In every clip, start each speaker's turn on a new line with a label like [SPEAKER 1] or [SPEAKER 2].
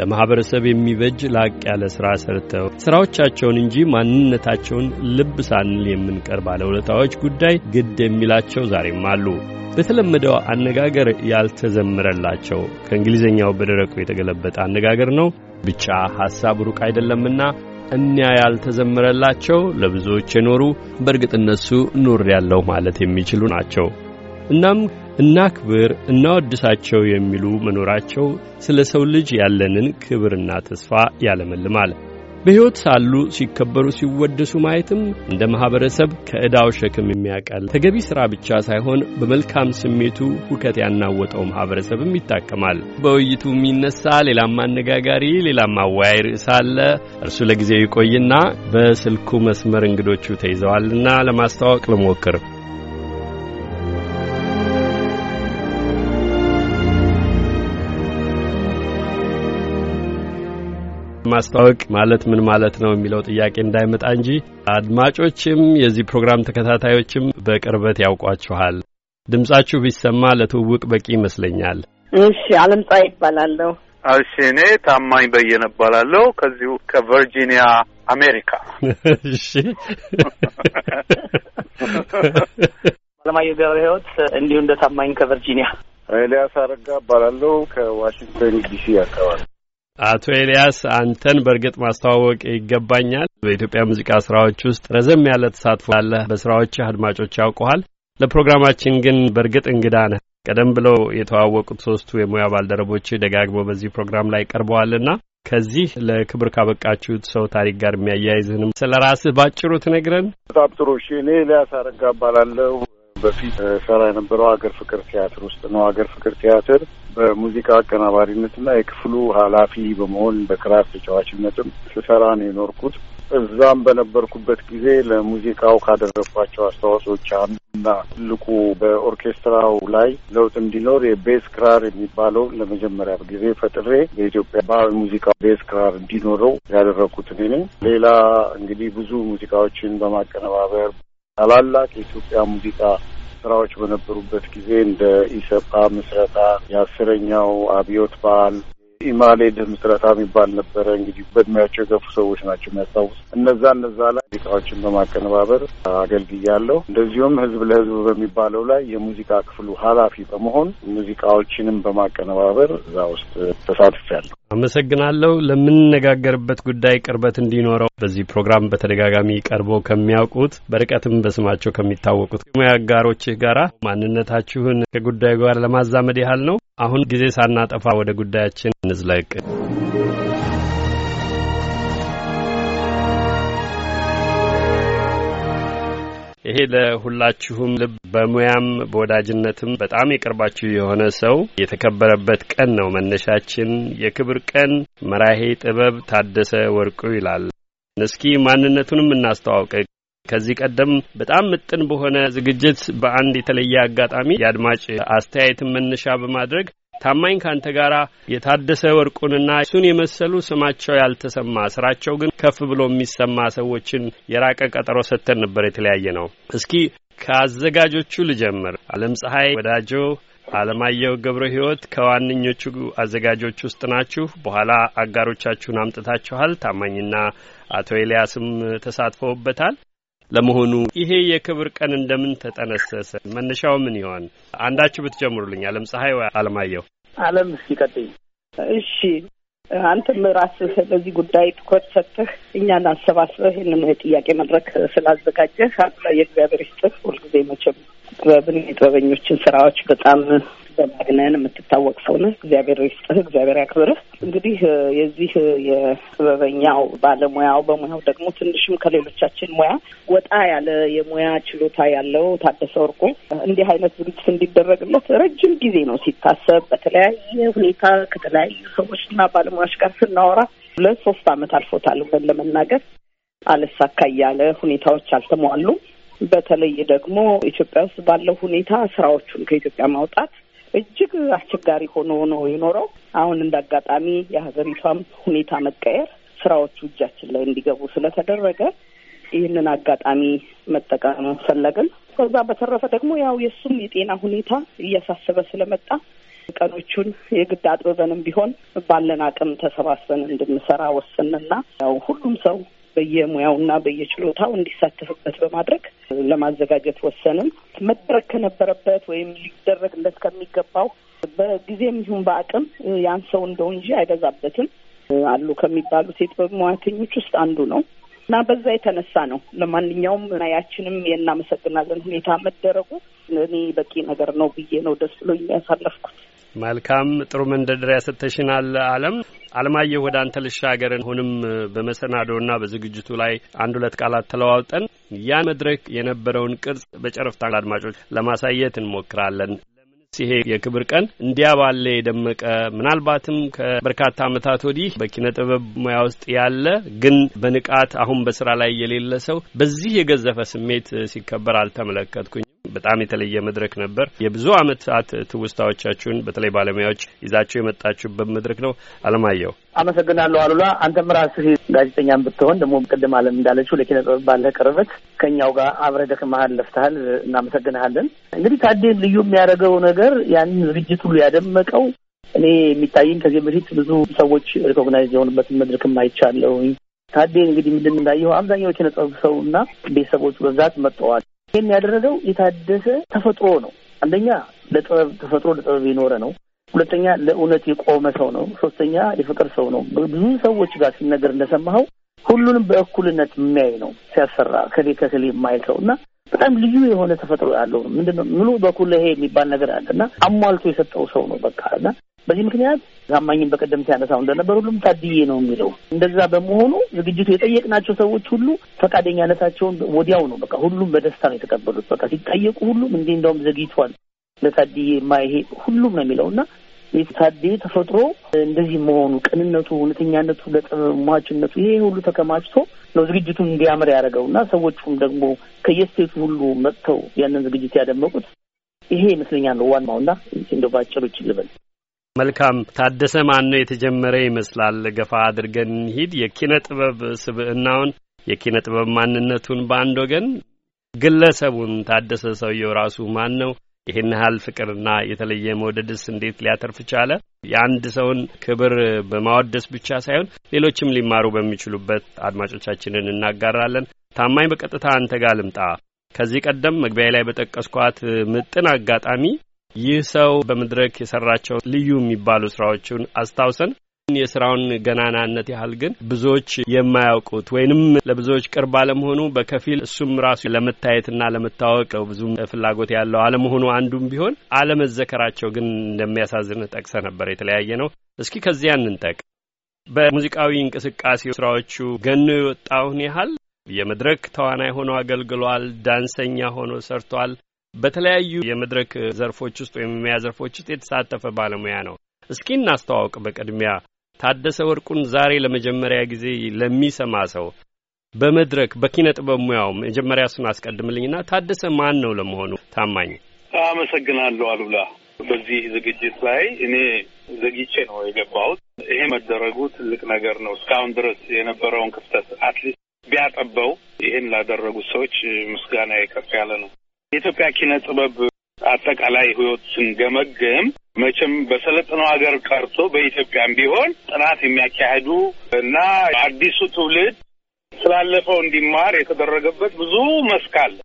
[SPEAKER 1] ለማህበረሰብ የሚበጅ ላቅ ያለ ሥራ ሰርተው ሥራዎቻቸውን እንጂ ማንነታቸውን ልብ ሳንል የምንቀር ባለውለታዎች ጉዳይ ግድ የሚላቸው ዛሬም አሉ። በተለመደው አነጋገር ያልተዘመረላቸው ከእንግሊዝኛው በደረቁ የተገለበጠ አነጋገር ነው። ብቻ ሐሳብ ሩቅ አይደለምና እኒያ ያልተዘመረላቸው ለብዙዎች የኖሩ በእርግጥ እነሱ ኖር ያለው ማለት የሚችሉ ናቸው። እናም እናክብር፣ እናወድሳቸው የሚሉ መኖራቸው ስለ ሰው ልጅ ያለንን ክብርና ተስፋ ያለመልማል። በሕይወት ሳሉ ሲከበሩ ሲወደሱ ማየትም እንደ ማኅበረሰብ ከዕዳው ሸክም የሚያቀል ተገቢ ሥራ ብቻ ሳይሆን በመልካም ስሜቱ ሁከት ያናወጠው ማኅበረሰብም ይታከማል። በውይይቱ ይነሳ ሌላም አነጋጋሪ ሌላም አወያይ ርዕስ አለ። እርሱ ለጊዜው ይቆይና በስልኩ መስመር እንግዶቹ ተይዘዋልና ለማስተዋወቅ ልሞክር። ማስተዋወቅ ማለት ምን ማለት ነው የሚለው ጥያቄ እንዳይመጣ እንጂ አድማጮችም የዚህ ፕሮግራም ተከታታዮችም በቅርበት ያውቋችኋል። ድምጻችሁ ቢሰማ ለትውውቅ በቂ ይመስለኛል።
[SPEAKER 2] እሺ፣ ጻ ይባላለሁ።
[SPEAKER 3] እሺ፣ እኔ ታማኝ በየነ እባላለሁ ከዚሁ ከቨርጂኒያ አሜሪካ።
[SPEAKER 1] እሺ
[SPEAKER 4] አለማየሁ ገብረ ህይወት እንዲሁ እንደ
[SPEAKER 5] ታማኝ ከቨርጂኒያ። ኤልያስ አረጋ እባላለሁ ከዋሽንግተን ዲሲ አካባቢ።
[SPEAKER 1] አቶ ኤልያስ አንተን በእርግጥ ማስተዋወቅ ይገባኛል። በኢትዮጵያ ሙዚቃ ስራዎች ውስጥ ረዘም ያለ ተሳትፎ ያለ በስራዎች አድማጮች ያውቀሃል። ለፕሮግራማችን ግን በእርግጥ እንግዳ ነህ። ቀደም ብለው የተዋወቁት ሶስቱ የሙያ ባልደረቦች ደጋግመው በዚህ ፕሮግራም ላይ ቀርበዋልና ከዚህ ለክብር ካበቃችሁት ሰው ታሪክ ጋር የሚያያይዝህንም ስለ ራስህ ባጭሩ ትነግረን።
[SPEAKER 5] በጣም ጥሩ። እሺ፣ እኔ ኤልያስ አረጋ እባላለሁ። በፊት ሰራ የነበረው ሀገር ፍቅር ቲያትር ውስጥ ነው። ሀገር ፍቅር ቲያትር በሙዚቃ አቀናባሪነትና የክፍሉ ኃላፊ በመሆን በክራር ተጫዋችነትም ስሰራ ነው የኖርኩት። እዛም በነበርኩበት ጊዜ ለሙዚቃው ካደረግኳቸው አስተዋጽኦች አንዱና ትልቁ በኦርኬስትራው ላይ ለውጥ እንዲኖር የቤዝ ክራር የሚባለው ለመጀመሪያ ጊዜ ፈጥሬ በኢትዮጵያ ባህል ሙዚቃ ቤዝ ክራር እንዲኖረው ያደረግኩት እኔ ነኝ። ሌላ እንግዲህ ብዙ ሙዚቃዎችን በማቀነባበር ታላላቅ የኢትዮጵያ ሙዚቃ ስራዎች በነበሩበት ጊዜ እንደ ኢሰፓ ምስረታ፣ የአስረኛው አብዮት በዓል ኢማሌድ ምስረታ የሚባል ነበረ። እንግዲህ በእድሜያቸው የገፉ ሰዎች ናቸው የሚያስታውሱ። እነዛ እነዛ ላይ ሙዚቃዎችን በማቀነባበር አገልግያለሁ። እንደዚሁም ህዝብ ለህዝብ በሚባለው ላይ የሙዚቃ ክፍሉ ኃላፊ በመሆን ሙዚቃዎችንም በማቀነባበር እዛ ውስጥ ተሳትፌያለሁ።
[SPEAKER 1] አመሰግናለሁ። ለምንነጋገርበት ጉዳይ ቅርበት እንዲኖረው በዚህ ፕሮግራም በተደጋጋሚ ቀርቦ ከሚያውቁት በርቀትም በስማቸው ከሚታወቁት ሙያ አጋሮችህ ጋር ማንነታችሁን ከጉዳዩ ጋር ለማዛመድ ያህል ነው። አሁን ጊዜ ሳናጠፋ ወደ ጉዳያችን እንዝለቅ። ይሄ ለሁላችሁም ልብ በሙያም በወዳጅነትም በጣም የቅርባችሁ የሆነ ሰው የተከበረበት ቀን ነው። መነሻችን የክብር ቀን መራሄ ጥበብ ታደሰ ወርቁ ይላል። እስኪ ማንነቱንም እናስተዋውቅ። ከዚህ ቀደም በጣም ምጥን በሆነ ዝግጅት በአንድ የተለየ አጋጣሚ የአድማጭ አስተያየትን መነሻ በማድረግ ታማኝ ካንተ ጋራ የታደሰ ወርቁንና እሱን የመሰሉ ስማቸው ያልተሰማ ስራቸው ግን ከፍ ብሎ የሚሰማ ሰዎችን የራቀ ቀጠሮ ሰጥተን ነበር። የተለያየ ነው። እስኪ ከአዘጋጆቹ ልጀምር። አለም ፀሐይ ወዳጆ፣ አለማየሁ ገብረ ህይወት ከዋነኞቹ አዘጋጆች ውስጥ ናችሁ። በኋላ አጋሮቻችሁን አምጥታችኋል። ታማኝና አቶ ኤልያስም ተሳትፈውበታል። ለመሆኑ ይሄ የክብር ቀን እንደምን ተጠነሰሰ? መነሻው ምን ይሆን? አንዳችሁ ብትጀምሩልኝ። አለም ፀሐይ ወይ አለማየሁ?
[SPEAKER 2] አለም ሲቀጥኝ። እሺ አንተም ራስህ በዚህ ጉዳይ ትኩረት ሰጥተህ እኛን አሰባስበህ ይህንን ጥያቄ መድረክ ስላዘጋጀህ አንዱ የእግዚአብሔር ይስጥህ። ሁልጊዜ መቼም ጥበብን የጥበበኞችን ስራዎች በጣም በማግነን የምትታወቅ ሰው ነህ። እግዚአብሔር ይስጥህ፣ እግዚአብሔር ያክብርህ። እንግዲህ የዚህ የጥበበኛው ባለሙያው በሙያው ደግሞ ትንሽም ከሌሎቻችን ሙያ ወጣ ያለ የሙያ ችሎታ ያለው ታደሰ ወርቁ እንዲህ አይነት ዝግጅት እንዲደረግለት ረጅም ጊዜ ነው ሲታሰብ። በተለያየ ሁኔታ ከተለያዩ ሰዎችና ባለሙያዎች ጋር ስናወራ ሁለት ሶስት ዓመት አልፎታል ለመናገር አለሳካ እያለ ሁኔታዎች አልተሟሉም። በተለይ ደግሞ ኢትዮጵያ ውስጥ ባለው ሁኔታ ስራዎቹን ከኢትዮጵያ ማውጣት እጅግ አስቸጋሪ ሆኖ ነው የኖረው። አሁን እንደ አጋጣሚ የሀገሪቷም ሁኔታ መቀየር ስራዎቹ እጃችን ላይ እንዲገቡ ስለተደረገ ይህንን አጋጣሚ መጠቀም ፈለግን። ከዛ በተረፈ ደግሞ ያው የእሱም የጤና ሁኔታ እያሳሰበ ስለመጣ ቀኖቹን የግድ አጥብበንም ቢሆን ባለን አቅም ተሰባስበን እንድንሰራ ወስንና ያው ሁሉም ሰው በየሙያውና በየችሎታው እንዲሳተፍበት በማድረግ ለማዘጋጀት ወሰንም። መደረግ ከነበረበት ወይም ሊደረግለት ከሚገባው በጊዜም ይሁን በአቅም ያን ሰው እንደው እንጂ አይበዛበትም አሉ ከሚባሉት የጥበብ ሙያተኞች ውስጥ አንዱ ነው እና በዛ የተነሳ ነው። ለማንኛውም ያችንም የእናመሰግናለን ሁኔታ መደረጉ እኔ በቂ ነገር ነው ብዬ ነው ደስ ብሎኝ ያሳለፍኩት።
[SPEAKER 1] መልካም ጥሩ መንደርደሪያ ሰጥተሽናል አለም። አለማየሁ ወደ አንተ ልሻገር። አሁንም በመሰናዶና በዝግጅቱ ላይ አንድ ሁለት ቃላት ተለዋውጠን ያን መድረክ የነበረውን ቅርጽ በጨረፍታ አድማጮች ለማሳየት እንሞክራለን። ይሄ የክብር ቀን እንዲያ ባለ የደመቀ ምናልባትም ከበርካታ ዓመታት ወዲህ በኪነ ጥበብ ሙያ ውስጥ ያለ ግን በንቃት አሁን በስራ ላይ የሌለ ሰው በዚህ የገዘፈ ስሜት ሲከበር አልተመለከትኩኝ። በጣም የተለየ መድረክ ነበር። የብዙ ዓመታት ትውስታዎቻችሁን በተለይ ባለሙያዎች ይዛችሁ የመጣችሁበት መድረክ ነው። አለማየሁ
[SPEAKER 4] አመሰግናለሁ። አሉላ አንተም ራስህ ጋዜጠኛም ብትሆን ደግሞ ቅድም አለም እንዳለችው ለኪነ ጥበብ ባለህ ቅርበት ከኛው ጋር አብረህ ደክመሃል፣ ለፍተሃል። እናመሰግንሃለን። እንግዲህ ታዴ ልዩ የሚያደርገው ነገር ያንን ዝግጅት ሁሉ ያደመቀው እኔ የሚታየኝ ከዚህ በፊት ብዙ ሰዎች ሪኮግናይዝ የሆኑበትን መድረክም አይቻለሁኝ። ታዴ እንግዲህ ምንድን እንዳየው አብዛኛው የኪነ ጥበብ ሰው እና ቤተሰቦቹ በብዛት መጥተዋል። ይህን ያደረገው የታደሰ ተፈጥሮ ነው። አንደኛ ለጥበብ ተፈጥሮ ለጥበብ የኖረ ነው። ሁለተኛ ለእውነት የቆመ ሰው ነው። ሶስተኛ የፍቅር ሰው ነው። ብዙ ሰዎች ጋር ሲነገር እንደሰማኸው ሁሉንም በእኩልነት የሚያይ ነው። ሲያሰራ ከሌ ከክሌ የማይል ሰው እና በጣም ልዩ የሆነ ተፈጥሮ ያለው ነው። ምንድነው ምሉ ይሄ የሚባል ነገር አለ እና አሟልቶ የሰጠው ሰው ነው በቃ እና በዚህ ምክንያት ታማኝም በቀደምት ያነሳው እንደነበር ሁሉም ታድዬ ነው የሚለው። እንደዛ በመሆኑ ዝግጅቱ የጠየቅናቸው ሰዎች ሁሉ ፈቃደኛነታቸውን ወዲያው ነው በቃ ሁሉም በደስታ ነው የተቀበሉት። በቃ ሲጠየቁ ሁሉም እንዲህ እንደውም ዘግይቷል ለታድዬ ማይሄ ሁሉም ነው የሚለው እና የታዴ ተፈጥሮ እንደዚህ መሆኑ ቅንነቱ፣ እውነተኛነቱ፣ ለጠማችነቱ ይሄ ሁሉ ተከማችቶ ነው ዝግጅቱን እንዲያምር ያደረገው እና ሰዎቹም ደግሞ ከየስቴቱ ሁሉ መጥተው ያንን ዝግጅት ያደመቁት ይሄ ይመስለኛል ነው ዋናው እና እንደ ባጭሩ ይችልበል
[SPEAKER 1] መልካም ታደሰ ማን ነው የተጀመረ ይመስላል። ገፋ አድርገን እንሂድ። የኪነ ጥበብ ስብዕናውን የኪነ ጥበብ ማንነቱን በአንድ ወገን ግለሰቡን ታደሰ ሰውየው ራሱ ማን ነው? ይህን ያህል ፍቅርና የተለየ መውደድስ እንዴት ሊያተርፍ ቻለ? የአንድ ሰውን ክብር በማወደስ ብቻ ሳይሆን ሌሎችም ሊማሩ በሚችሉበት አድማጮቻችንን እናጋራለን። ታማኝ፣ በቀጥታ አንተ ጋር ልምጣ። ከዚህ ቀደም መግቢያ ላይ በጠቀስኳት ምጥን አጋጣሚ ይህ ሰው በመድረክ የሰራቸው ልዩ የሚባሉ ስራዎቹን አስታውሰን የስራውን ገናናነት ያህል ግን ብዙዎች የማያውቁት ወይንም ለብዙዎች ቅርብ አለመሆኑ በከፊል እሱም ራሱ ለመታየትና ለመታወቅ ብዙም ፍላጎት ያለው አለመሆኑ አንዱም ቢሆን አለመዘከራቸው ግን እንደሚያሳዝን ጠቅሰ ነበር። የተለያየ ነው። እስኪ ከዚያ እንንጠቅ። በሙዚቃዊ እንቅስቃሴ ስራዎቹ ገኖ የወጣውን ያህል የመድረክ ተዋናይ ሆኖ አገልግሏል። ዳንሰኛ ሆኖ ሰርቷል። በተለያዩ የመድረክ ዘርፎች ውስጥ ወይም ሙያ ዘርፎች ውስጥ የተሳተፈ ባለሙያ ነው። እስኪ እናስተዋውቅ። በቅድሚያ ታደሰ ወርቁን ዛሬ ለመጀመሪያ ጊዜ ለሚሰማ ሰው በመድረክ በኪነ ጥበብ ሙያው መጀመሪያ እሱን አስቀድምልኝና ታደሰ ማን ነው ለመሆኑ? ታማኝ
[SPEAKER 3] አመሰግናለሁ አሉላ። በዚህ ዝግጅት ላይ እኔ ዘግቼ ነው የገባሁት። ይሄ መደረጉ ትልቅ ነገር ነው። እስካሁን ድረስ የነበረውን ክፍተት አትሊስት ቢያጠበው ይህን ላደረጉት ሰዎች ምስጋና ከፍ ያለ ነው። የኢትዮጵያ ኪነ ጥበብ አጠቃላይ ህይወት ስንገመግም መቼም በሰለጥነው ሀገር ቀርቶ በኢትዮጵያም ቢሆን ጥናት የሚያካሄዱ እና አዲሱ ትውልድ ስላለፈው እንዲማር የተደረገበት ብዙ መስክ አለ።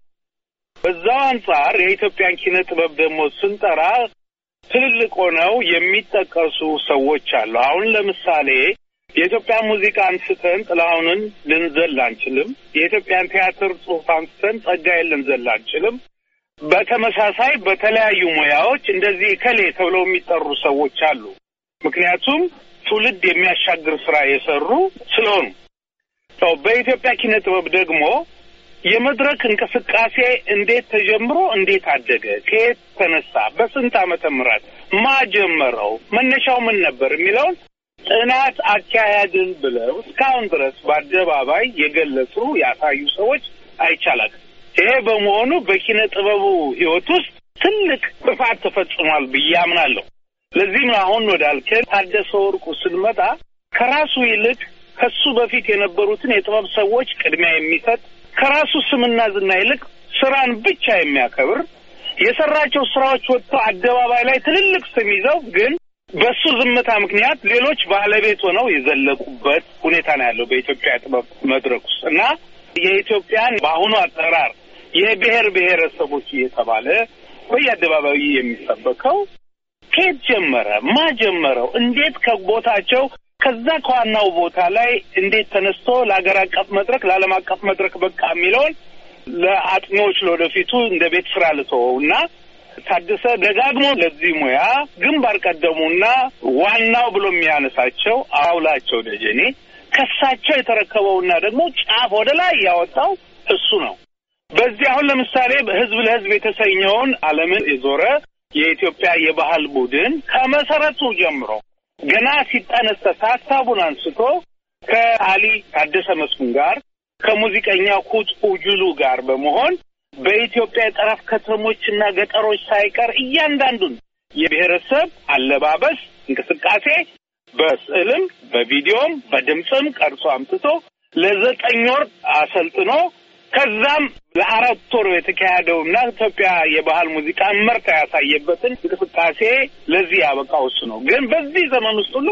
[SPEAKER 3] በዛው አንጻር የኢትዮጵያን ኪነ ጥበብ ደግሞ ስንጠራ ትልልቅ ሆነው የሚጠቀሱ ሰዎች አሉ። አሁን ለምሳሌ የኢትዮጵያ ሙዚቃ አንስተን ጥላሁንን ልንዘል አንችልም። የኢትዮጵያን ቲያትር ጽሁፍ አንስተን ጸጋዬን ልንዘል አንችልም። በተመሳሳይ በተለያዩ ሙያዎች እንደዚህ ከሌ ተብለው የሚጠሩ ሰዎች አሉ። ምክንያቱም ትውልድ የሚያሻግር ስራ የሰሩ ስለሆኑ። በኢትዮጵያ ኪነ ጥበብ ደግሞ የመድረክ እንቅስቃሴ እንዴት ተጀምሮ እንዴት አደገ፣ ከየት ተነሳ፣ በስንት ዓመተ ምህረት ማጀመረው፣ መነሻው ምን ነበር የሚለውን ጥናት አካሄድን ብለው እስካሁን ድረስ በአደባባይ የገለጹ ያሳዩ ሰዎች አይቻላል። ይሄ በመሆኑ በኪነ ጥበቡ ህይወት ውስጥ ትልቅ ጥፋት ተፈጽሟል ብዬ አምናለሁ። ለዚህም አሁን ወዳልከ ታደሰ ወርቁ ስንመጣ ከራሱ ይልቅ ከሱ በፊት የነበሩትን የጥበብ ሰዎች ቅድሚያ የሚሰጥ ከራሱ ስምና ዝና ይልቅ ስራን ብቻ የሚያከብር የሰራቸው ስራዎች ወጥቶ አደባባይ ላይ ትልልቅ ስም ይዘው ግን በሱ ዝምታ ምክንያት ሌሎች ባለቤት ሆነው የዘለቁበት ሁኔታ ነው ያለው በኢትዮጵያ ጥበብ መድረክ ውስጥ እና የኢትዮጵያን በአሁኑ አጠራር የብሔር ብሔረሰቦች እየተባለ በየአደባባዩ የሚሰበከው ከየት ጀመረ? ማ ጀመረው? እንዴት ከቦታቸው ከዛ ከዋናው ቦታ ላይ እንዴት ተነስቶ ለሀገር አቀፍ መድረክ ለዓለም አቀፍ መድረክ በቃ የሚለውን ለአጥኚዎች ለወደፊቱ እንደ ቤት ስራ ልተወው እና ታደሰ ደጋግሞ ለዚህ ሙያ ግንባር ቀደሙና ዋናው ብሎ የሚያነሳቸው አውላቸው ደጀኔ ከሳቸው የተረከበውና ደግሞ ጫፍ ወደ ላይ ያወጣው እሱ ነው። በዚህ አሁን ለምሳሌ ህዝብ ለህዝብ የተሰኘውን ዓለምን የዞረ የኢትዮጵያ የባህል ቡድን ከመሰረቱ ጀምሮ ገና ሲጠነሰስ ሀሳቡን አንስቶ ከአሊ ታደሰ መስኩን ጋር ከሙዚቀኛው ኩት ኡጁሉ ጋር በመሆን በኢትዮጵያ የጠረፍ ከተሞች እና ገጠሮች ሳይቀር እያንዳንዱን የብሔረሰብ አለባበስ፣ እንቅስቃሴ በስዕልም በቪዲዮም በድምፅም ቀርጾ አምጥቶ ለዘጠኝ ወር አሰልጥኖ ከዛም ለአራት ወር የተካሄደውና ኢትዮጵያ የባህል ሙዚቃ መርታ ያሳየበትን እንቅስቃሴ ለዚህ ያበቃው እሱ ነው። ግን በዚህ ዘመን ውስጥ ሁሉ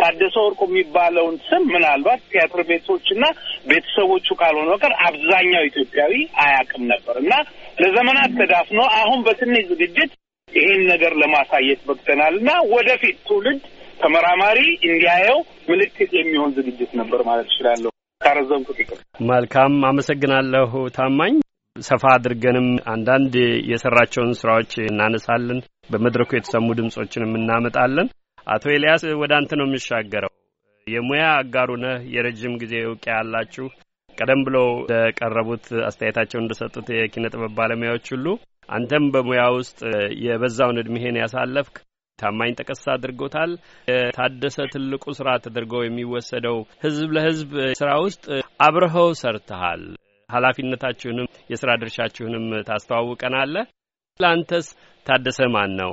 [SPEAKER 3] ታደሰ ወርቁ የሚባለውን ስም ምናልባት ቲያትር ቤቶችና ቤተሰቦቹ ካልሆነ በቀር አብዛኛው ኢትዮጵያዊ አያውቅም ነበር እና ለዘመናት ተዳፍኖ አሁን በትንሽ ዝግጅት ይህን ነገር ለማሳየት በቅተናል እና ወደፊት ትውልድ ተመራማሪ እንዲያየው ምልክት የሚሆን ዝግጅት ነበር ማለት እችላለሁ። ካረዘምኩት ይቅር።
[SPEAKER 1] መልካም አመሰግናለሁ ታማኝ። ሰፋ አድርገንም አንዳንድ የሰራቸውን ስራዎች እናነሳለን። በመድረኩ የተሰሙ ድምጾችንም እናመጣለን። አቶ ኤልያስ ወደ አንተ ነው የምሻገረው። የሙያ አጋሩ ነህ፣ የረጅም ጊዜ እውቅ ያላችሁ ቀደም ብሎ ለቀረቡት አስተያየታቸው እንደሰጡት የኪነ ጥበብ ባለሙያዎች ሁሉ አንተም በሙያ ውስጥ የበዛውን እድሜህን ያሳለፍክ ታማኝ ጠቀስ አድርጎታል። የታደሰ ትልቁ ስራ ተደርጎ የሚወሰደው ህዝብ ለህዝብ ስራ ውስጥ አብረኸው ሰርተሃል። ኃላፊነታችሁንም የስራ ድርሻችሁንም ታስተዋውቀናለህ። ለአንተስ ታደሰ ማን ነው?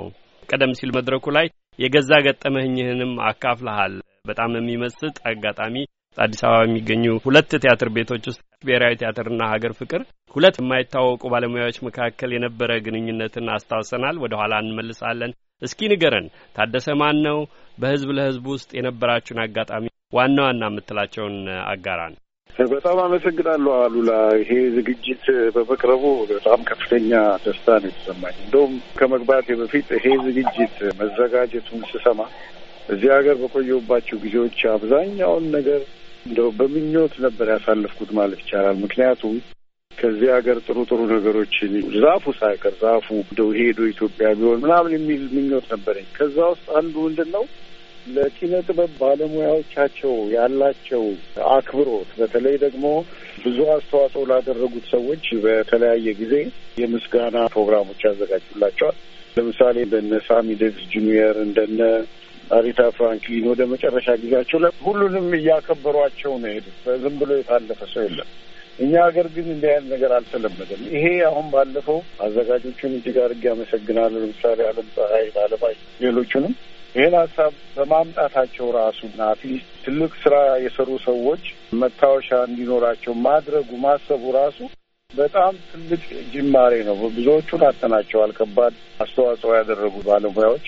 [SPEAKER 1] ቀደም ሲል መድረኩ ላይ የገዛ ገጠመህኝህንም አካፍልሃል። በጣም የሚመስጥ አጋጣሚ አዲስ አበባ የሚገኙ ሁለት ቲያትር ቤቶች ውስጥ ብሔራዊ ቲያትርና ሀገር ፍቅር ሁለት የማይታወቁ ባለሙያዎች መካከል የነበረ ግንኙነትን አስታውሰናል። ወደ ኋላ እንመልሳለን። እስኪ ንገረን ታደሰ ማን ነው? በህዝብ ለህዝብ ውስጥ የነበራችሁን አጋጣሚ ዋና ዋና የምትላቸውን አጋራን።
[SPEAKER 5] በጣም አመሰግናለሁ አሉላ። ይሄ ዝግጅት በመቅረቡ በጣም ከፍተኛ ደስታ ነው የተሰማኝ። እንደውም ከመግባቴ በፊት ይሄ ዝግጅት መዘጋጀቱን ስሰማ እዚህ ሀገር በቆየሁባቸው ጊዜዎች አብዛኛውን ነገር እንደው በምኞት ነበር ያሳለፍኩት ማለት ይቻላል። ምክንያቱም ከዚህ ሀገር ጥሩ ጥሩ ነገሮችን ዛፉ ሳይቀር ዛፉ እንደው ሄዶ ኢትዮጵያ ቢሆን ምናምን የሚል ምኞት ነበረኝ። ከዛ ውስጥ አንዱ ምንድን ነው ለኪነ ጥበብ ባለሙያዎቻቸው ያላቸው አክብሮት፣ በተለይ ደግሞ ብዙ አስተዋጽኦ ላደረጉት ሰዎች በተለያየ ጊዜ የምስጋና ፕሮግራሞች ያዘጋጁላቸዋል። ለምሳሌ እንደነ ሳሚ ዴቪስ ጁኒየር እንደነ አሪታ ፍራንክሊን ወደ መጨረሻ ጊዜያቸው ሁሉንም እያከበሯቸው ነው የሄዱት። ዝም ብሎ የታለፈ ሰው የለም። እኛ ሀገር ግን እንዲህ አይነት ነገር አልተለመደም። ይሄ አሁን ባለፈው አዘጋጆቹን እጅግ አድርጌ አመሰግናለሁ። ለምሳሌ አለም ፀሐይ ባለባይ፣ ሌሎቹንም ይህን ሀሳብ በማምጣታቸው ራሱና አትሊስት ትልቅ ስራ የሰሩ ሰዎች መታወሻ እንዲኖራቸው ማድረጉ ማሰቡ ራሱ በጣም ትልቅ ጅማሬ ነው። ብዙዎቹን አተናቸዋል። ከባድ አስተዋጽኦ ያደረጉ ባለሙያዎች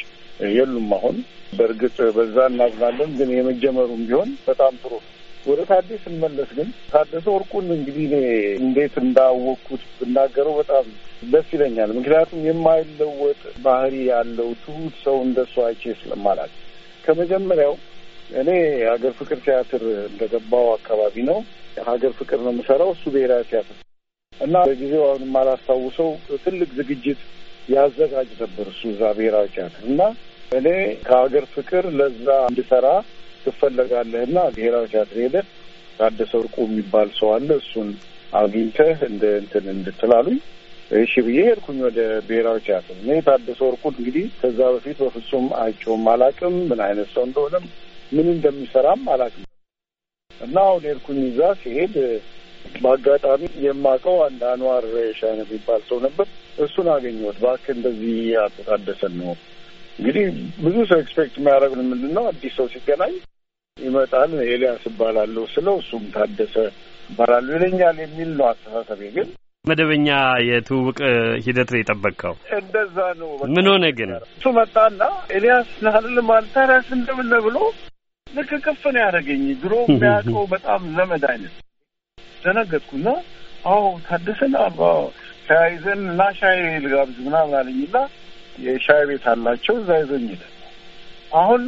[SPEAKER 5] የሉም አሁን። በእርግጥ በዛ እናዝናለን፣ ግን የመጀመሩም ቢሆን በጣም ጥሩ ነው። ወደ ታዴ ስመለስ ግን ታደሰ ወርቁን እንግዲህ እኔ እንዴት እንዳወቅኩት ብናገረው በጣም ደስ ይለኛል። ምክንያቱም የማይለወጥ ባህሪ ያለው ትሁት ሰው እንደሱ አይቼ ስለማላት ከመጀመሪያው እኔ ሀገር ፍቅር ቲያትር እንደገባው አካባቢ ነው። ሀገር ፍቅር ነው የምሰራው፣ እሱ ብሔራዊ ቲያትር እና በጊዜው አሁን የማላስታውሰው ትልቅ ዝግጅት ያዘጋጅ ነበር እሱ እዛ ብሔራዊ ቲያትር እና እኔ ከሀገር ፍቅር ለዛ እንድሰራ ትፈለጋለህ እና ብሔራዊ ቲያትር ሄደህ ታደሰ ወርቁ የሚባል ሰው አለ እሱን አግኝተህ እንደ እንትን እንድትላሉኝ እሺ ብዬ ሄድኩኝ ወደ ብሔራዊ ቲያትር። እኔ ታደሰ ወርቁን እንግዲህ ከዛ በፊት በፍጹም አይቼውም አላውቅም። ምን አይነት ሰው እንደሆነም ምን እንደሚሰራም አላውቅም እና አሁን ሄድኩኝ። እዛ ሲሄድ በአጋጣሚ የማውቀው አንድ አንዋር ሻይን የሚባል ሰው ነበር። እሱን አገኘሁት። እባክህ እንደዚህ አቶ ታደሰን ነው እንግዲህ ብዙ ሰው ኤክስፔክት የሚያደርግ ምንድን ነው አዲስ ሰው ሲገናኝ ይመጣል። ኤልያስ እባላለሁ ስለው እሱም ታደሰ እባላለሁ ይለኛል የሚል ነው አስተሳሰቤ። ግን
[SPEAKER 1] መደበኛ የትውውቅ ሂደት ነው የጠበቅከው?
[SPEAKER 5] እንደዛ ነው። ምን ሆነ ግን? እሱ መጣና ኤልያስ ናህልል ማለት አንተ ራስህ እንደምን ነህ ብሎ ልክ ክፍ ነው ያደረገኝ። ድሮ የሚያውቀው በጣም ዘመድ አይነት ደነገጥኩና፣ አዎ ታደሰን ተያይዘን እና ሻይ ልጋብዝ ምናምን አለኝና የሻይ ቤት አላቸው እዛ ይዘኝ ይዞኝ አሁን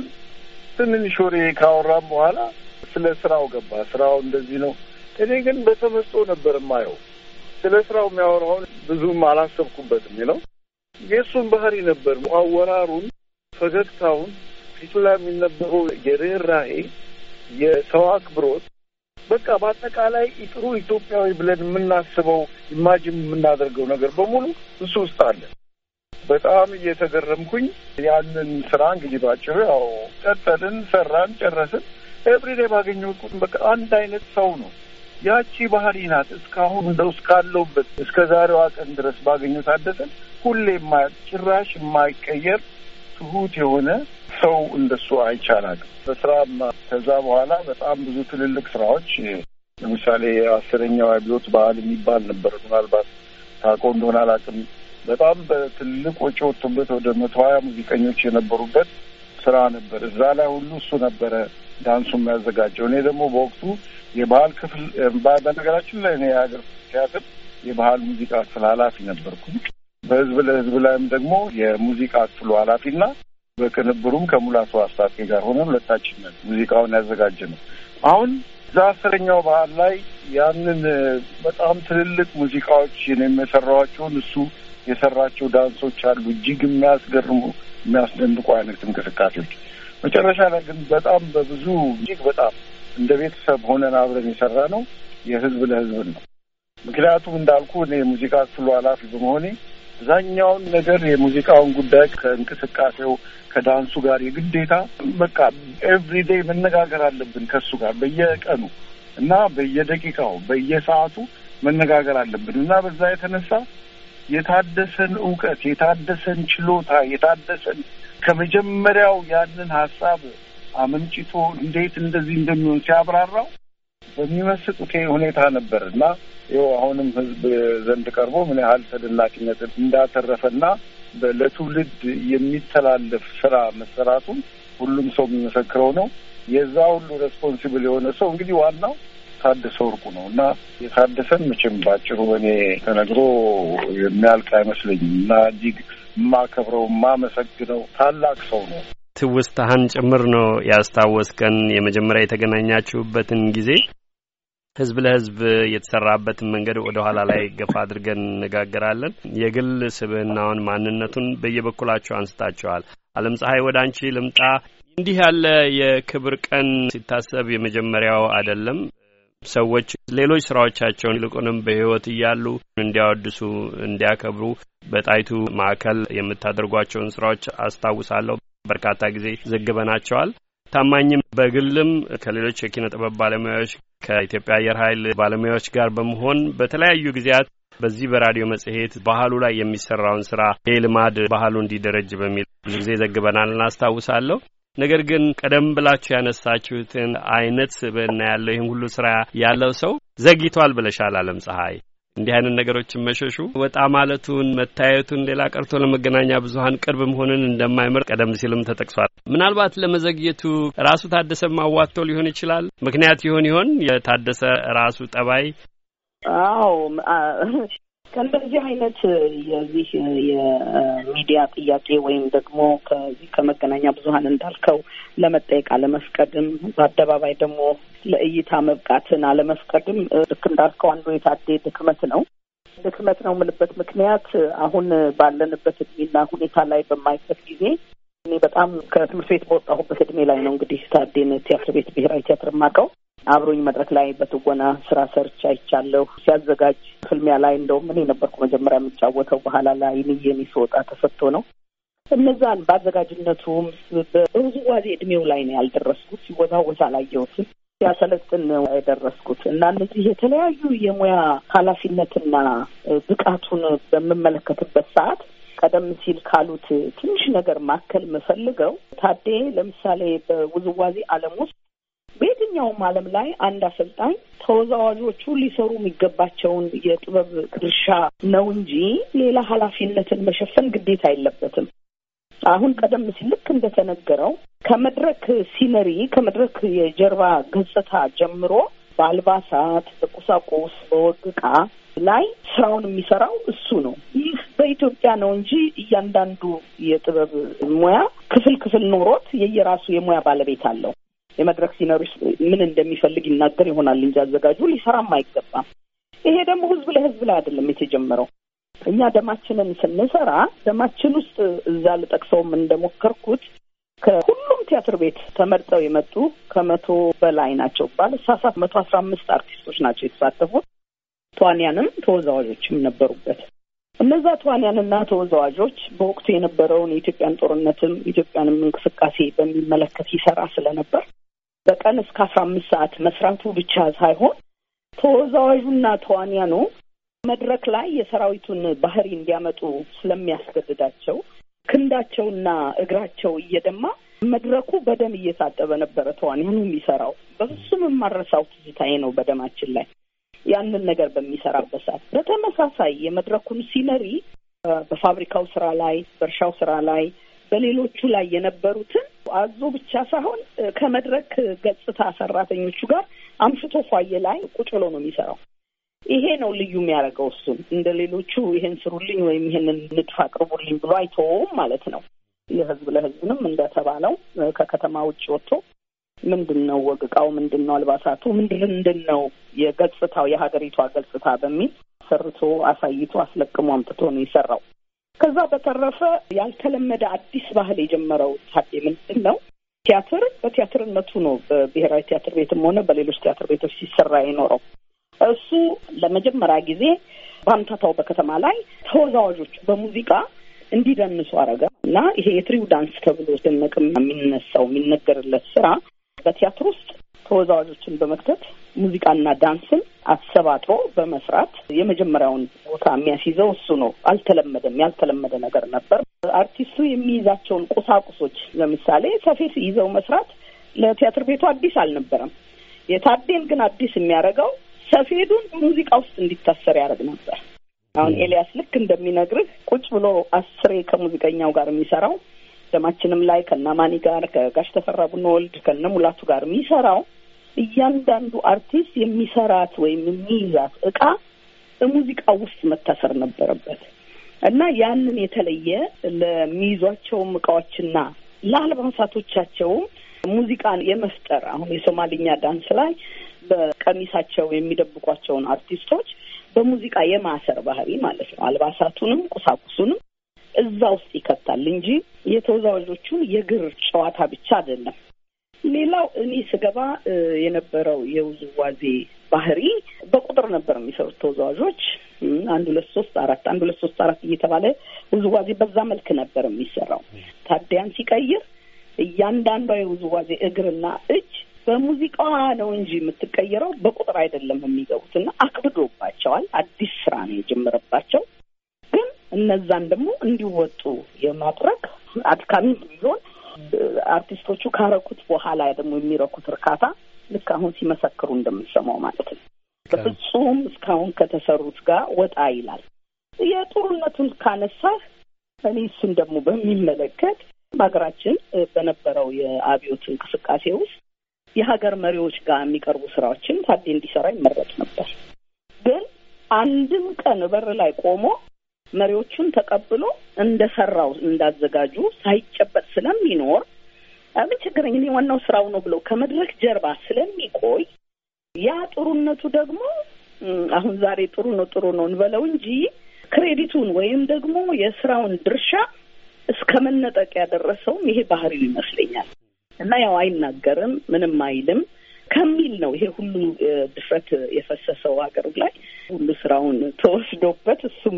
[SPEAKER 5] ትንንሽ ወሬ ካወራም በኋላ ስለ ስራው ገባ። ስራው እንደዚህ ነው። እኔ ግን በተመስጦ ነበር የማየው። ስለ ስራው የሚያወራውን ብዙም አላሰብኩበትም ነው የእሱን ባህሪ ነበር አወራሩን፣ ፈገግታውን፣ ፊቱ ላይ የሚነበረው የርኅራሄ የሰው አክብሮት በቃ በአጠቃላይ ጥሩ ኢትዮጵያዊ ብለን የምናስበው ኢማጅን የምናደርገው ነገር በሙሉ እሱ ውስጥ አለ። በጣም እየተገረምኩኝ ያንን ስራ እንግዲህ ባጭሩ ያው ቀጠልን፣ ሰራን፣ ጨረስን። ኤብሪዴ ባገኘሁት ቁጥር በቃ አንድ አይነት ሰው ነው። ያቺ ባህሪ ናት። እስካሁን እንደው እስካለሁበት እስከ ዛሬዋ ቀን ድረስ ባገኘሁት ታደሰን ሁሌ ጭራሽ የማይቀየር ትሁት የሆነ ሰው እንደሱ አይቻላል። በስራም ከዛ በኋላ በጣም ብዙ ትልልቅ ስራዎች ለምሳሌ አስረኛው አብዮት በዓል የሚባል ነበር። ምናልባት ታውቀው እንደሆነ አላውቅም። በጣም በትልቅ ወጪ ወጥቶበት ወደ መቶ ሀያ ሙዚቀኞች የነበሩበት ስራ ነበር። እዛ ላይ ሁሉ እሱ ነበረ ዳንሱ የሚያዘጋጀው። እኔ ደግሞ በወቅቱ የባህል ክፍል በነገራችን ላይ እኔ የሀገር ቲያትር የባህል ሙዚቃ ክፍል ኃላፊ ነበርኩ። በህዝብ ለህዝብ ላይም ደግሞ የሙዚቃ ክፍሉ ኃላፊና በቅንብሩም ከሙላቱ አስታጥቄ ጋር ሆነ ሁለታችን ሙዚቃውን ያዘጋጀ ነው። አሁን እዛ አስረኛው ባህል ላይ ያንን በጣም ትልልቅ ሙዚቃዎች የሰራኋቸውን እሱ የሰራቸው ዳንሶች አሉ። እጅግ የሚያስገርሙ የሚያስደንቁ አይነት እንቅስቃሴዎች። መጨረሻ ላይ ግን በጣም በብዙ እጅግ በጣም እንደ ቤተሰብ ሆነን አብረን የሰራ ነው የህዝብ ለህዝብን ነው። ምክንያቱም እንዳልኩ እኔ የሙዚቃ ክፍሉ ኃላፊ በመሆኔ አብዛኛውን ነገር የሙዚቃውን ጉዳይ ከእንቅስቃሴው ከዳንሱ ጋር የግዴታ በቃ ኤቭሪዴይ መነጋገር አለብን ከሱ ጋር በየቀኑ እና በየደቂቃው በየሰዓቱ መነጋገር አለብን እና በዛ የተነሳ የታደሰን እውቀት፣ የታደሰን ችሎታ፣ የታደሰን ከመጀመሪያው ያንን ሀሳብ አመንጭቶ እንዴት እንደዚህ እንደሚሆን ሲያብራራው በሚመስጥ ሁኔታ ነበር እና ይኸው አሁንም ህዝብ ዘንድ ቀርቦ ምን ያህል ተደናቂነት እንዳተረፈና ለትውልድ የሚተላለፍ ስራ መሰራቱን ሁሉም ሰው የሚመሰክረው ነው። የዛ ሁሉ ሬስፖንሲብል የሆነ ሰው እንግዲህ ዋናው ታደሰ ወርቁ ነው እና የታደሰን መቼም ባጭሩ እኔ ተነግሮ የሚያልቅ አይመስለኝም እና እጅግ የማከብረው የማመሰግነው ታላቅ ሰው ነው።
[SPEAKER 1] ትውስታህን ጭምር ነው ያስታወስከን የመጀመሪያ የተገናኛችሁበትን ጊዜ ህዝብ ለህዝብ የተሰራበትን መንገድ ወደ ኋላ ላይ ገፋ አድርገን እንነጋገራለን። የግል ስብህናውን ማንነቱን በየበኩላቸው አንስታቸዋል። አለም ፀሐይ ወደ አንቺ ልምጣ። እንዲህ ያለ የክብር ቀን ሲታሰብ የመጀመሪያው አይደለም። ሰዎች ሌሎች ስራዎቻቸውን ይልቁንም በህይወት እያሉ እንዲያወድሱ እንዲያከብሩ በጣይቱ ማዕከል የምታደርጓቸውን ስራዎች አስታውሳለሁ። በርካታ ጊዜ ዘግበናቸዋል። ታማኝም በግልም ከሌሎች የኪነ ጥበብ ባለሙያዎች ከኢትዮጵያ አየር ኃይል ባለሙያዎች ጋር በመሆን በተለያዩ ጊዜያት በዚህ በራዲዮ መጽሔት ባህሉ ላይ የሚሰራውን ስራ ይህ ልማድ ባህሉ እንዲደረጅ በሚል ብዙ ጊዜ ዘግበናል እናስታውሳለሁ። ነገር ግን ቀደም ብላችሁ ያነሳችሁትን አይነት ስብዕና ያለው ይህን ሁሉ ስራ ያለው ሰው ዘግይቷል ብለሻል አለም ፀሐይ። እንዲህ አይነት ነገሮችን መሸሹ ወጣ ማለቱን መታየቱን ሌላ ቀርቶ ለመገናኛ ብዙኃን ቅርብ መሆንን እንደማይመርጥ ቀደም ሲልም ተጠቅሷል። ምናልባት ለመዘግየቱ ራሱ ታደሰ ማዋቶ ሊሆን ይችላል ምክንያት ይሆን ይሆን የታደሰ ራሱ ጠባይ?
[SPEAKER 2] አዎ ከእንደዚህ አይነት የዚህ የሚዲያ ጥያቄ ወይም ደግሞ ከዚህ ከመገናኛ ብዙኃን እንዳልከው ለመጠየቅ አለመፍቀድም በአደባባይ ደግሞ ለእይታ መብቃትን አለመፍቀድም ልክ እንዳልከው አንዱ የታዴ ድክመት ነው። ድክመት ነው የምልበት ምክንያት አሁን ባለንበት እድሜና ሁኔታ ላይ በማይበት ጊዜ እኔ በጣም ከትምህርት ቤት በወጣሁበት እድሜ ላይ ነው እንግዲህ ታዴን ቲያትር ቤት ብሔራዊ ቲያትር የማውቀው አብሮኝ መድረክ ላይ በትወና ስራ ሰርች አይቻለሁ። ሲያዘጋጅ ፍልሚያ ላይ እንደውም እኔ ነበርኩ መጀመሪያ የምጫወተው፣ በኋላ ላይ ንየኔ ስወጣ ተሰጥቶ ነው። እነዛን በአዘጋጅነቱም በውዝዋዜ እድሜው ላይ ነው ያልደረስኩት። ሲወዛወዝ አላየሁትም። ሲያሰለጥን ነው የደረስኩት እና እነዚህ የተለያዩ የሙያ ኃላፊነትና ብቃቱን በምመለከትበት ሰዓት ቀደም ሲል ካሉት ትንሽ ነገር ማከል የምፈልገው ታዴ ለምሳሌ በውዝዋዜ ዓለም ውስጥ በየትኛውም ዓለም ላይ አንድ አሰልጣኝ ተወዛዋዦቹ ሊሰሩ የሚገባቸውን የጥበብ ድርሻ ነው እንጂ ሌላ ኃላፊነትን መሸፈን ግዴታ የለበትም። አሁን ቀደም ሲል ልክ እንደተነገረው ከመድረክ ሲነሪ ከመድረክ የጀርባ ገጽታ ጀምሮ በአልባሳት፣ በቁሳቁስ፣ በወግ ዕቃ ላይ ስራውን የሚሰራው እሱ ነው። ይህ በኢትዮጵያ ነው እንጂ እያንዳንዱ የጥበብ ሙያ ክፍል ክፍል ኖሮት የየራሱ የሙያ ባለቤት አለው። የመድረክ ሲነሪስ ምን እንደሚፈልግ ይናገር ይሆናል እንጂ አዘጋጁ ሊሰራም አይገባም። ይሄ ደግሞ ህዝብ ለህዝብ ላይ አይደለም የተጀመረው። እኛ ደማችንን ስንሰራ ደማችን ውስጥ እዛ ልጠቅሰውም እንደሞከርኩት ከሁሉም ቲያትር ቤት ተመርጠው የመጡ ከመቶ በላይ ናቸው። ሳሳት መቶ አስራ አምስት አርቲስቶች ናቸው የተሳተፉት። ተዋንያንም ተወዛዋዦችም ነበሩበት። እነዛ ተዋንያንና ተወዛዋዦች በወቅቱ የነበረውን የኢትዮጵያን ጦርነትም ኢትዮጵያንም እንቅስቃሴ በሚመለከት ይሰራ ስለነበር በቀን እስከ አስራ አምስት ሰዓት መስራቱ ብቻ ሳይሆን ተወዛዋዡና ተዋንያኑ መድረክ ላይ የሰራዊቱን ባህሪ እንዲያመጡ ስለሚያስገድዳቸው ክንዳቸውና እግራቸው እየደማ መድረኩ በደም እየታጠበ ነበረ ተዋንያኑ የሚሰራው። በፍጹም የማረሳው ትዝታዬ ነው በደማችን ላይ ያንን ነገር በሚሰራበት ሰዓት። በተመሳሳይ የመድረኩን ሲነሪ በፋብሪካው ስራ ላይ፣ በእርሻው ስራ ላይ፣ በሌሎቹ ላይ የነበሩትን አዞ ብቻ ሳይሆን ከመድረክ ገጽታ ሰራተኞቹ ጋር አምፍቶ ፏየ ላይ ቁጭ ብሎ ነው የሚሰራው። ይሄ ነው ልዩ የሚያደርገው። እሱን እንደ ሌሎቹ ይሄን ስሩልኝ ወይም ይሄንን ንድፍ አቅርቡልኝ ብሎ አይተወውም ማለት ነው። የህዝብ ለህዝብንም እንደተባለው ከከተማ ውጭ ወጥቶ ምንድን ነው ወግ እቃው ምንድን ነው አልባሳቱ ምንድን ነው የገጽታው የሀገሪቷ ገጽታ በሚል ሰርቶ አሳይቶ አስለቅሞ አምጥቶ ነው የሰራው። ከዛ በተረፈ ያልተለመደ አዲስ ባህል የጀመረው ታዴ ምንድን ነው? ቲያትር በቲያትርነቱ ነው። በብሔራዊ ቲያትር ቤትም ሆነ በሌሎች ቲያትር ቤቶች ሲሰራ የኖረው እሱ ለመጀመሪያ ጊዜ በአምታታው በከተማ ላይ ተወዛዋዦች በሙዚቃ እንዲደንሱ አረገ እና ይሄ የትሪው ዳንስ ተብሎ ድንቅ የሚነሳው የሚነገርለት ስራ በቲያትር ውስጥ ተወዛዋዦችን በመክተት ሙዚቃና ዳንስን አሰባጥሮ በመስራት የመጀመሪያውን ቦታ የሚያስይዘው እሱ ነው። አልተለመደም፣ ያልተለመደ ነገር ነበር። አርቲስቱ የሚይዛቸውን ቁሳቁሶች ለምሳሌ ሰፌድ ይዘው መስራት ለቲያትር ቤቱ አዲስ አልነበረም። የታዴን ግን አዲስ የሚያደርገው ሰፌዱን ሙዚቃ ውስጥ እንዲታሰር ያደርግ ነበር። አሁን ኤልያስ ልክ እንደሚነግርህ ቁጭ ብሎ አስሬ ከሙዚቀኛው ጋር የሚሰራው ደማችንም ላይ ከነማኒ ጋር ከጋሽ ተፈራ ቡነወልድ ከነ ሙላቱ ጋር የሚሰራው እያንዳንዱ አርቲስት የሚሰራት ወይም የሚይዛት እቃ በሙዚቃ ውስጥ መታሰር ነበረበት እና ያንን የተለየ ለሚይዟቸውም እቃዎችና ለአልባሳቶቻቸውም ሙዚቃን የመፍጠር አሁን የሶማሊኛ ዳንስ ላይ በቀሚሳቸው የሚደብቋቸውን አርቲስቶች በሙዚቃ የማሰር ባህሪ ማለት ነው። አልባሳቱንም ቁሳቁሱንም እዛ ውስጥ ይከታል እንጂ የተወዛዋዦቹን የእግር ጨዋታ ብቻ አይደለም። ሌላው እኔ ስገባ የነበረው የውዝዋዜ ባህሪ በቁጥር ነበር የሚሰሩት ተወዛዋዦች። አንድ ሁለት ሶስት አራት አንድ ሁለት ሶስት አራት እየተባለ ውዝዋዜ በዛ መልክ ነበር የሚሰራው። ታዲያን ሲቀይር እያንዳንዷ የውዝዋዜ እግርና እጅ በሙዚቃዋ ነው እንጂ የምትቀይረው በቁጥር አይደለም የሚገቡት እና አክብዶባቸዋል። አዲስ ስራ ነው የጀመረባቸው። ግን እነዛን ደግሞ እንዲወጡ የማድረግ አድካሚ ቢሆን አርቲስቶቹ ካረኩት በኋላ ደግሞ የሚረኩት እርካታ ልክ አሁን ሲመሰክሩ እንደምንሰማው ማለት ነው። በፍጹም እስካሁን ከተሰሩት ጋር ወጣ ይላል። የጦርነቱን ካነሳህ እኔ እሱን ደግሞ በሚመለከት በሀገራችን በነበረው የአብዮት እንቅስቃሴ ውስጥ የሀገር መሪዎች ጋር የሚቀርቡ ስራዎችን ታዴ እንዲሰራ ይመረጥ ነበር። ግን አንድም ቀን በር ላይ ቆሞ መሪዎቹን ተቀብሎ እንደሰራው እንዳዘጋጁ ሳይጨበጥ ስለሚኖር ምን ችግረኝ እኔ ዋናው ስራው ነው ብለው ከመድረክ ጀርባ ስለሚቆይ ያ ጥሩነቱ ደግሞ አሁን ዛሬ ጥሩ ነው ጥሩ ነው እንበለው እንጂ ክሬዲቱን ወይም ደግሞ የስራውን ድርሻ እስከ መነጠቅ ያደረሰውም ይሄ ባህሪው ይመስለኛል። እና ያው አይናገርም፣ ምንም አይልም። ከሚል ነው ይሄ ሁሉ ድፍረት የፈሰሰው ሀገር ላይ ሁሉ ስራውን ተወስዶበት እሱም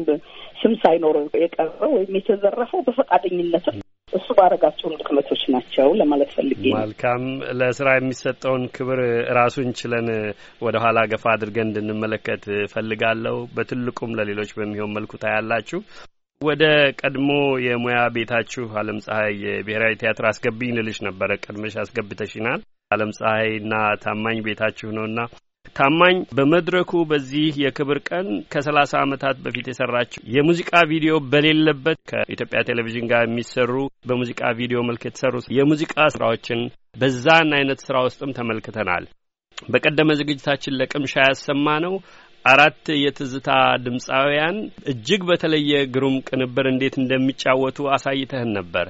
[SPEAKER 2] ስም ሳይኖረው የቀረው ወይም የተዘረፈው በፈቃደኝነትም እሱ ባረጋቸውን ድክመቶች ናቸው ለማለት ፈልጌ
[SPEAKER 1] መልካም ለስራ የሚሰጠውን ክብር ራሱን ችለን ወደ ኋላ ገፋ አድርገን እንድንመለከት ፈልጋለሁ። በትልቁም ለሌሎች በሚሆን መልኩ ታያላችሁ። ወደ ቀድሞ የሙያ ቤታችሁ አለም ፀሐይ የብሔራዊ ቲያትር አስገብኝ ልልሽ ነበረ። ቀድመሽ አስገብተሽናል። አለም ፀሐይና ታማኝ ቤታችሁ ነውና ታማኝ በመድረኩ በዚህ የክብር ቀን ከሰላሳ ዓመታት በፊት የሰራችው የሙዚቃ ቪዲዮ በሌለበት ከኢትዮጵያ ቴሌቪዥን ጋር የሚሰሩ በሙዚቃ ቪዲዮ መልክ የተሰሩ የሙዚቃ ስራዎችን በዛን አይነት ስራ ውስጥም ተመልክተናል። በቀደመ ዝግጅታችን ለቅምሻ ያሰማ ነው አራት የትዝታ ድምፃውያን እጅግ በተለየ ግሩም ቅንብር እንዴት እንደሚጫወቱ አሳይተህን ነበር።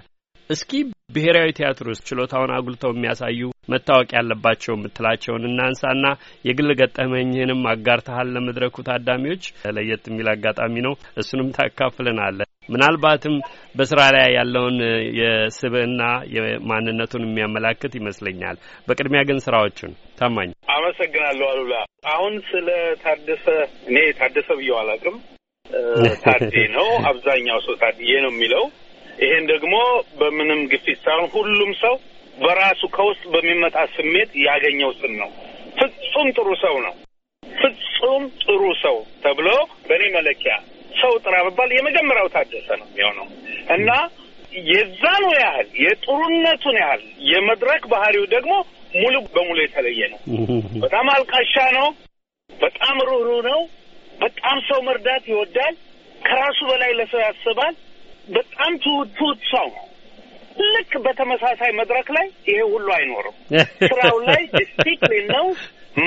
[SPEAKER 1] እስኪ ብሔራዊ ቲያትር ውስጥ ችሎታውን አጉልተው የሚያሳዩ መታወቅ ያለባቸው የምትላቸውን እናንሳና የግል ገጠመኝህንም አጋርተሃል ለመድረኩ ታዳሚዎች። ለየት የሚል አጋጣሚ ነው። እሱንም ታካፍለናለ። ምናልባትም በስራ ላይ ያለውን የስብዕና የማንነቱን የሚያመላክት ይመስለኛል። በቅድሚያ ግን ስራዎቹን ታማኝ
[SPEAKER 3] አመሰግናለሁ። አሉላ አሁን ስለ ታደሰ እኔ ታደሰ ብዬው አላውቅም። ታዴ ነው አብዛኛው ሰው ታድዬ ነው የሚለው። ይሄን ደግሞ በምንም ግፊት ሳይሆን ሁሉም ሰው በራሱ ከውስጥ በሚመጣ ስሜት ያገኘው ስም ነው። ፍጹም ጥሩ ሰው ነው። ፍጹም ጥሩ ሰው ተብሎ በእኔ መለኪያ ሰው ጥራ ብባል የመጀመሪያው ታደሰ ነው
[SPEAKER 2] የሚሆነው እና
[SPEAKER 3] የዛኑ ያህል የጥሩነቱን ያህል የመድረክ ባህሪው ደግሞ ሙሉ በሙሉ የተለየ ነው። በጣም አልቃሻ ነው። በጣም ሩህሩህ ነው። በጣም ሰው መርዳት ይወዳል። ከራሱ በላይ ለሰው ያስባል። በጣም ትሁት ትሁት ሰው ነው። ልክ በተመሳሳይ መድረክ ላይ ይሄ ሁሉ አይኖርም።
[SPEAKER 1] ስራው ላይ ዲስፕሊን ነው።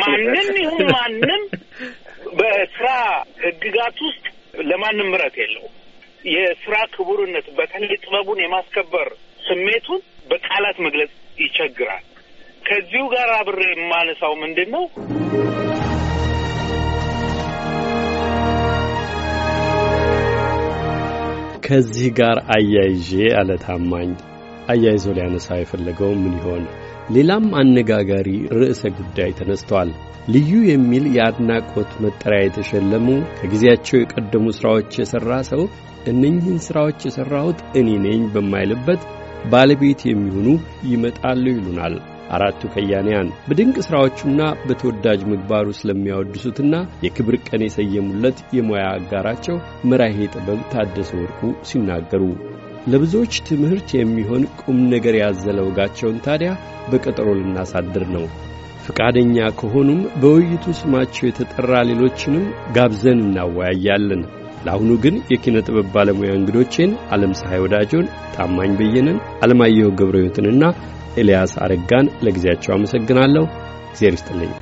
[SPEAKER 1] ማንም ይሁን ማንም
[SPEAKER 3] በስራ ህግጋት ውስጥ ለማንም ምረት የለው። የስራ ክቡርነት በተለይ ጥበቡን የማስከበር ስሜቱን በቃላት መግለጽ ይቸግራል። ከዚሁ ጋር አብሬ የማነሳው ምንድን ነው
[SPEAKER 1] ከዚህ ጋር አያይዤ አለታማኝ አያይዞ ሊያነሳ የፈለገው ምን ይሆን? ሌላም አነጋጋሪ ርዕሰ ጉዳይ ተነስቷል። ልዩ የሚል የአድናቆት መጠሪያ የተሸለሙ ከጊዜያቸው የቀደሙ ሥራዎች የሠራ ሰው እነኝህን ሥራዎች የሠራሁት እኔ ነኝ በማይልበት ባለቤት የሚሆኑ ይመጣሉ ይሉናል አራቱ ከያንያን በድንቅ ሥራዎቹና በተወዳጅ ምግባሩ ስለሚያወድሱትና የክብር ቀን የሰየሙለት የሙያ አጋራቸው መራሄ ጥበብ ታደሰ ወርቁ ሲናገሩ ለብዙዎች ትምህርት የሚሆን ቁም ነገር ያዘለ ወጋቸውን ታዲያ በቀጠሮ ልናሳድር ነው። ፈቃደኛ ከሆኑም በውይይቱ ስማቸው የተጠራ ሌሎችንም ጋብዘን እናወያያለን። ለአሁኑ ግን የኪነ ጥበብ ባለሙያ እንግዶቼን ዓለም ፀሐይ ወዳጆን፣ ታማኝ በየነን፣ አለማየሁ ገብረ ሕይወትንና ኤልያስ አረጋን ለጊዜያቸው አመሰግናለሁ። እግዚአብሔር ይስጥልኝ።